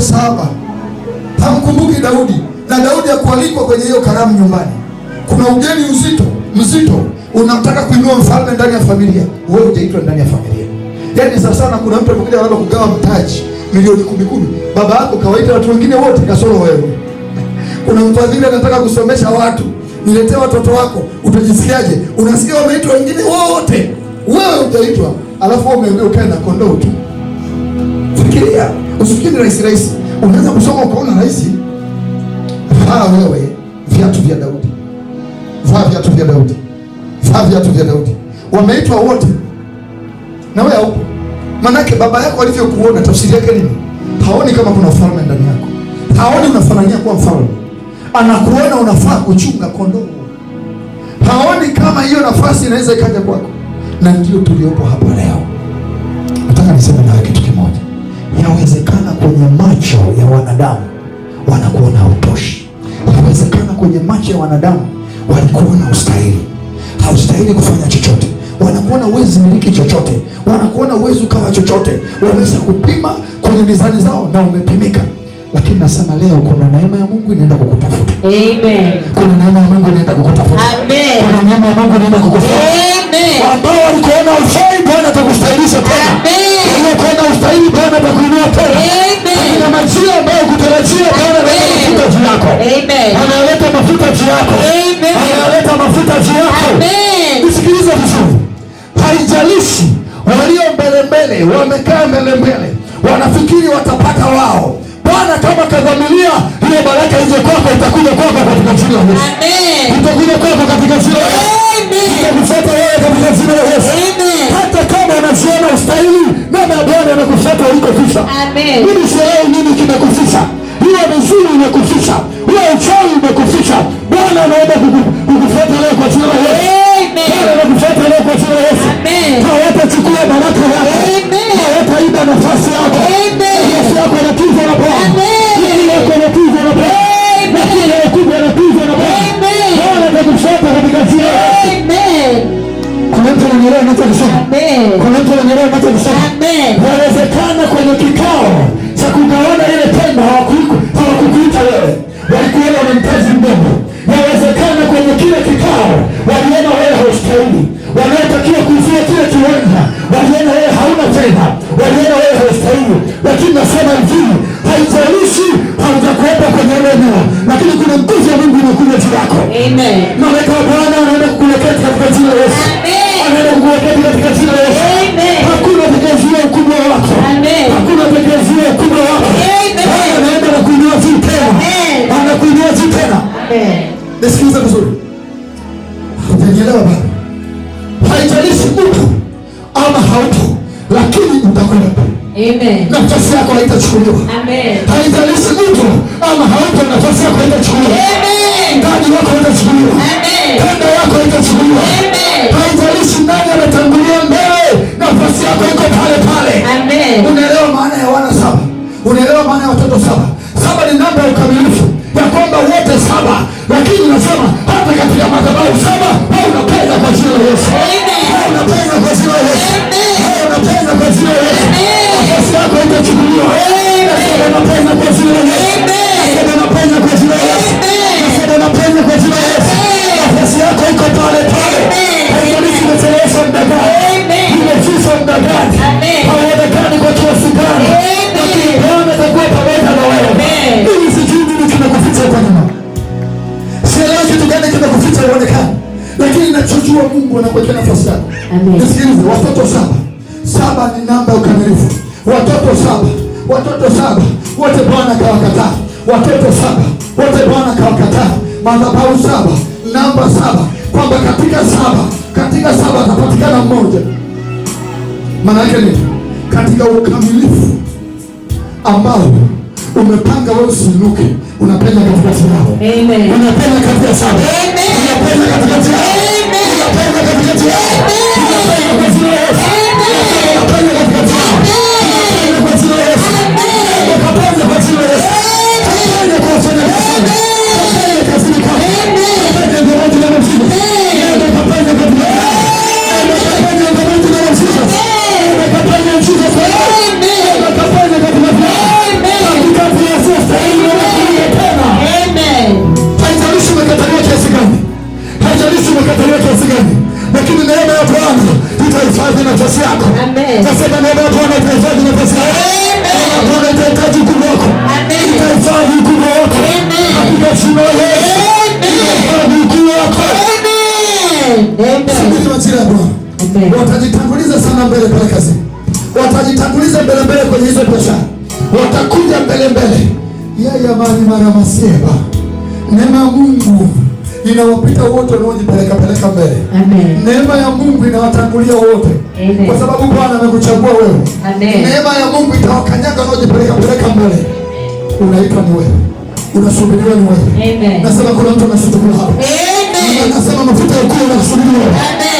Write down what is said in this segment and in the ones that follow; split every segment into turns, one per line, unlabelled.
saba hamkumbuki Daudi, na Daudi akualikwa kwenye hiyo karamu nyumbani. Kuna ugeni uzito mzito unataka kuinua mfalme ndani ya familia, wewe hujaitwa ndani ya familia. yani sasa sana, kuna mtu amekuja labda kugawa mtaji milioni kumi kumi, baba yako kawaita watu wengine wote kasoro wewe. Kuna mfadhili anataka kusomesha watu, niletee watoto wako, utajisikiaje? Unasikia wameitwa wengine wote, wewe hujaitwa, alafu wewe umeambiwa ukae na kondoo tu. Fikiria, usifikiri rahisi rahisi. Unaweza kusoma ukaona rahisi. Vaa wewe viatu vya Daudi, vaa viatu vya Daudi, vaa viatu vya Daudi. Wameitwa wote na wewe upo, Manake baba yako alivyokuona, tafsiri yake nini? Haoni kama kuna ufalme ndani yako, haoni unafanania kuwa mfalme, anakuona unafaa kuchunga kondoo. Haoni kama hiyo nafasi inaweza ikaja kwako, na ndio tuliopo hapa leo. Nataka niseme na kitu Inawezekana kwenye macho ya wanadamu wanakuona hautoshi. Inawezekana kwenye macho ya wanadamu walikuona ustahili, haustahili kufanya chochote, wanakuona uwezi miliki chochote, wanakuona uwezi ukawa chochote. Wamesha kupima kwenye mizani zao na umepimika. Lakini nasema leo kuna neema ya Mungu inaenda kukutafuta. Amen. Kuna neema ya Mungu inaenda kukutafuta. Amen. Kuna neema ya Mungu inaenda kukutafuta. Amen. Ambao walikuona ufai Bwana atakustahilisha tena. Amen. Walikuona ustahili Bwana atakuinua tena. Amen. Kuna majira ambayo kutarajia Bwana analeta mafuta juu yako. Amen. Analeta mafuta juu yako. Amen. Analeta mafuta juu yako.
Amen.
Nisikilize vizuri. Haijalishi walio mbele mbele wamekaa mbele mbele wanafikiri watapata wao Bwana kama kadhamiria hiyo baraka hizo kwako, itakuja kwako katika jina la Yesu. Amen. Itakuja kwako katika jina la Yesu. Amen. Itakufuata wewe katika jina la Yesu. Amen. Hata kama unaziona ustahili, mama ya Bwana anakufuata ulikoficha. Amen. Mimi sielewi nini kinakufisha. Hiyo mizuri imekuficha. Hiyo uchawi umekuficha. Bwana anaomba kukufuata leo kwa jina la Yesu. Amen. Bwana anakufuata leo kwa jina la Yesu. Amen. vikao, waliona wewe haustahili, wanaotakiwa kuzuia kile kiwanja, waliona wewe hauna tena, waliona wewe haustahili. Lakini nasema mjini, haijalishi hautakuwepo kwenye eneo, lakini kuna nguvu ya Mungu inakuja juu yako. Malaika wa Bwana anaenda kukuleketi katika jina la Yesu, anaenda kukuleketi katika jina la Yesu. Hakuna atakayezuia ukubwa wako,
hakuna
atakayezuia ukubwa wako. Anaenda na kuinua juu tena, anakuinua juu tena. Nisikilize vizuri anavyosema Baba. Haijalishi upo ama haupo, lakini utakwenda. Amen. Nafasi yako haitachukuliwa. Amen. Haijalishi upo ama haupo, nafasi yako haitachukuliwa.
Amen.
Ndani yako haitachukuliwa. Amen. Tendo yako haitachukuliwa. Amen. Haijalishi nani anatangulia mbele, nafasi yako iko pale pale. Amen. Unaelewa maana ya wana saba? Unaelewa maana ya watoto saba? Saba ni namba ya ukamilifu, ya kwamba wote saba, lakini nasema hata katika madhabahu saba Deus. Nisikilize, watoto saba. Saba ni namba ya ukamilifu. Watoto saba, watoto saba wote Bwana kawakataa. Watoto saba wote Bwana kawakataa. Madhabahu saba, namba saba, kwamba katika saba, katika saba atapatikana mmoja. Maana yake ni katika ukamilifu ambao umepanga wewe usinuke, unapenda katika saba,
unapenda katika saba, unapenda
katika saba, unapenda katika
saba
watajitanguliza sana mbele pale kazini, watajitanguliza mbele mbele kwenye hizo biashara, watakuja mbele mbele. Yeye amani mara masieba neema ya Mungu inawapita wote wanaojipeleka peleka mbele. Neema ya Mungu inawatangulia wote, kwa sababu Bwana amekuchagua wewe. Neema ya Mungu itawakanyaga wanaojipeleka peleka mbele. Unaitwa ni wewe, unasubiriwa ni
wewe.
Nasema kuna mtu anasubiriwa hapa, nasema mafuta ya ukuu Amen.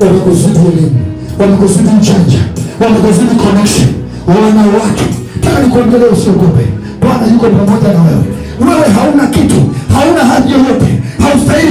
wanakusudi elimu, wanakusudi ujanja, wanakusudi connection, wana watu. Nataka nikuambie leo, usiogope. Bwana yuko pamoja na wewe. Wewe hauna kitu, hauna hadhi yoyote, haustahili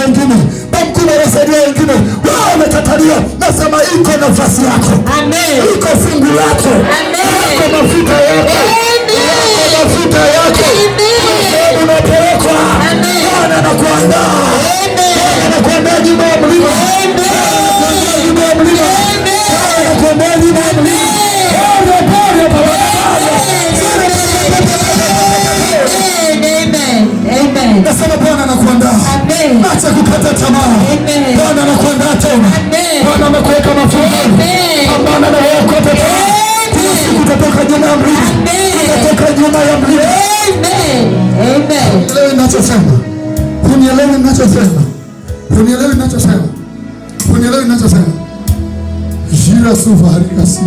wengine, bamkubwa wasaidia wengine, wao wametataniwa. Nasema iko nafasi yako, iko fungu lako, iko mafuta yako, iko mafuta yako. Unapelekwa Bwana anakuandaa, Bwana anakuandaa nyuma ya mlima, usiache kukata tamaa. Bwana anakuandaa tena, Bwana amekuweka mafundisho ambana na wakota tena utatoka nyuma ya mlima, utatoka nyuma ya mlima. Unielewi ninachosema, unielewi ninachosema, unielewi ninachosema, unielewi ninachosema. jira suva harikasi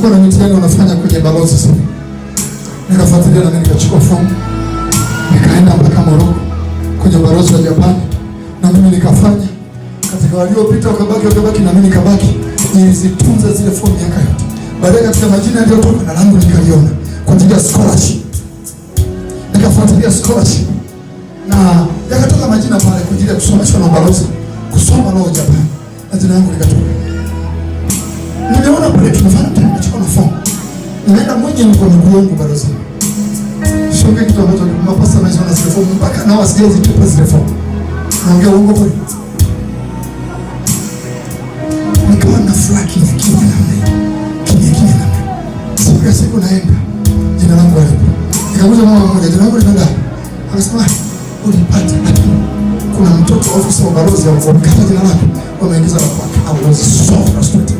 walikuwa na mitihani wanafanya kwenye balozi. Nikafuatilia na mimi nikachukua fomu nikaenda mpaka Moroko kwenye balozi wa Japani, na mimi nikafanya katika waliopita wakabaki, wakabaki na mimi nikabaki, nilizitunza zile fomu miaka yote. Baadaye katika majina ndio yaliyotoka na langu nikaliona kwa ajili ya scholarship, nikafuatilia scholarship na yakatoka majina pale kwa ajili ya kusomeshwa na balozi kusoma nao Japani, na jina langu likatoka. Mnaona pale tunafanya tena na fomu. Naenda mmoja ni kwa yangu balozi. Shoga kitu ambacho mapasa na hizo zile fomu mpaka na tu tupa zile fomu. Naongea uongo kweli. Nikawa na furaha kimya kimya namna kimya kimya namna. Siku siku naenda. Jina langu alipo. Nikamuuliza mama mmoja jina langu nenda. Akasema ulipata kuna mtoto ofisa wa balozi ya jina lako wameingiza na kwa au was so frustrated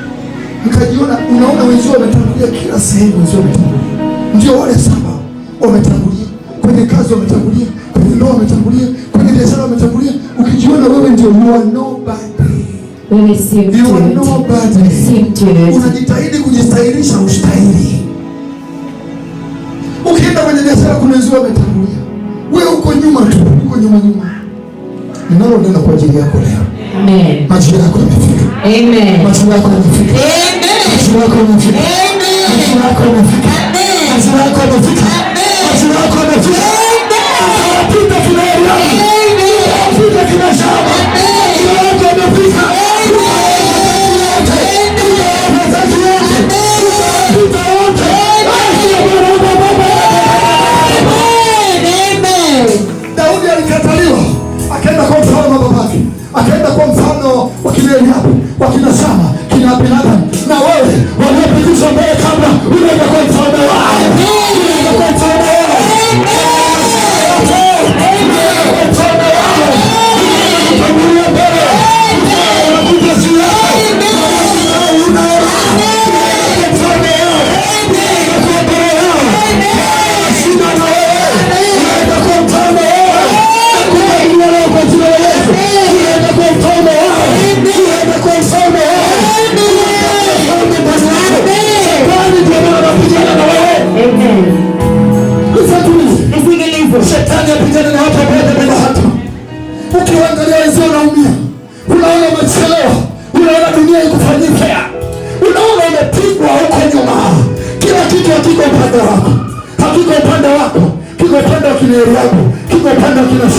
nikajiona, unaona wenzio wametangulia kila sehemu, wenzio wametangulia. Ndio wale saba wametangulia kwenye kazi, wametangulia kwenye ndoa, wametangulia kwenye biashara, wametangulia. Ukijiona wewe ndio you are nobody,
wewe si mtu,
unajitahidi kujistahilisha ustahili Amen. Watu wako wanafika.
Amen.
Watu wako wanafika.
Amen.
Watu wako wanafika.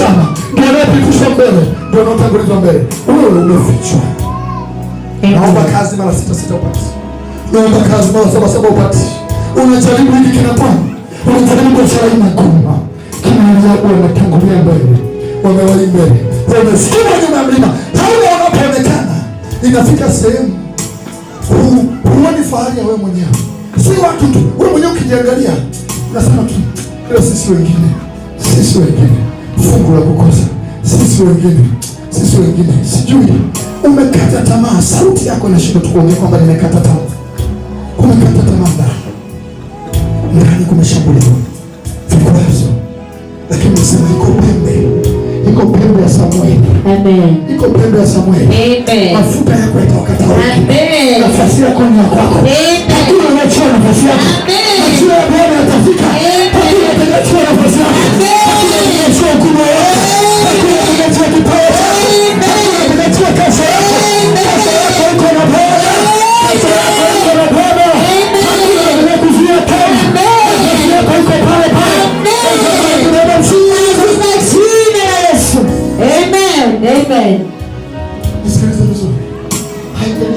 sana, ndio anayepitishwa mbele, ndio anaotangulizwa mbele. Huyo umefichwa. Naomba kazi mara sita sita upati, naomba kazi mara saba saba upati. Unajaribu hili kinakwama, unajaribu biashara hii inakwama, kinaanza kuwa unatangulia mbele, wamewali mbele, wamesukuma nyuma ya mlima, hauna wanapoonekana. Inafika sehemu huoni fahari ya wewe mwenyewe, si watu tu, wewe mwenyewe ukijiangalia unasema tu, ila sisi wengine, sisi wengine fungu la kukosa. Sisi wengine sisi wengine sijui umekata tamaa, sauti yako inashinda tukuongea kwamba nimekata tamaa. Kumekata tamaa ndani ndani, kumeshambuliwa vikwazo, lakini nasema iko pembe, iko pembe ya Samueli, iko pembe ya Samueli. Mafuta yako yatawakata, nafasi yako ni ya kwako, hakuna anayechukua nafasi yako.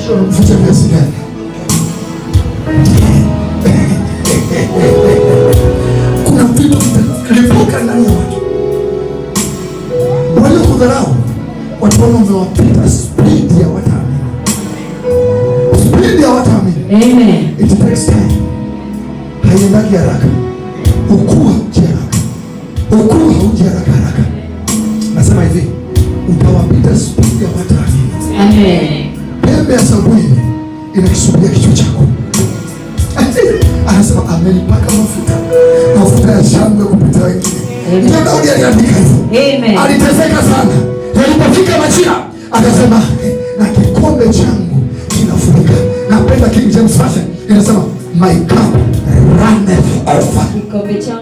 Vute vya sigara. Kuna vitu vitalipuka ndani ya watu. Wale kudharau wataona umewapita spidi ya wataamini. Spidi ya wataamini. Amen. It takes time. Haiendaki haraka. Ukua haraka. Ukua hauji haraka haraka. Nasema hivi, utawapita spidi ya wataamini. Amen pembe ya sabuini inakisubiria kichwa chako. Eh, anasema amenipaka mafuta, mafuta ya shangwe ya kupita wengine. Ndio Daudi aliandika
hivyo,
aliteseka sana. Yalipofika majira, akasema eh, na kikombe changu kinafurika. Napenda King James Version inasema my cup runneth over.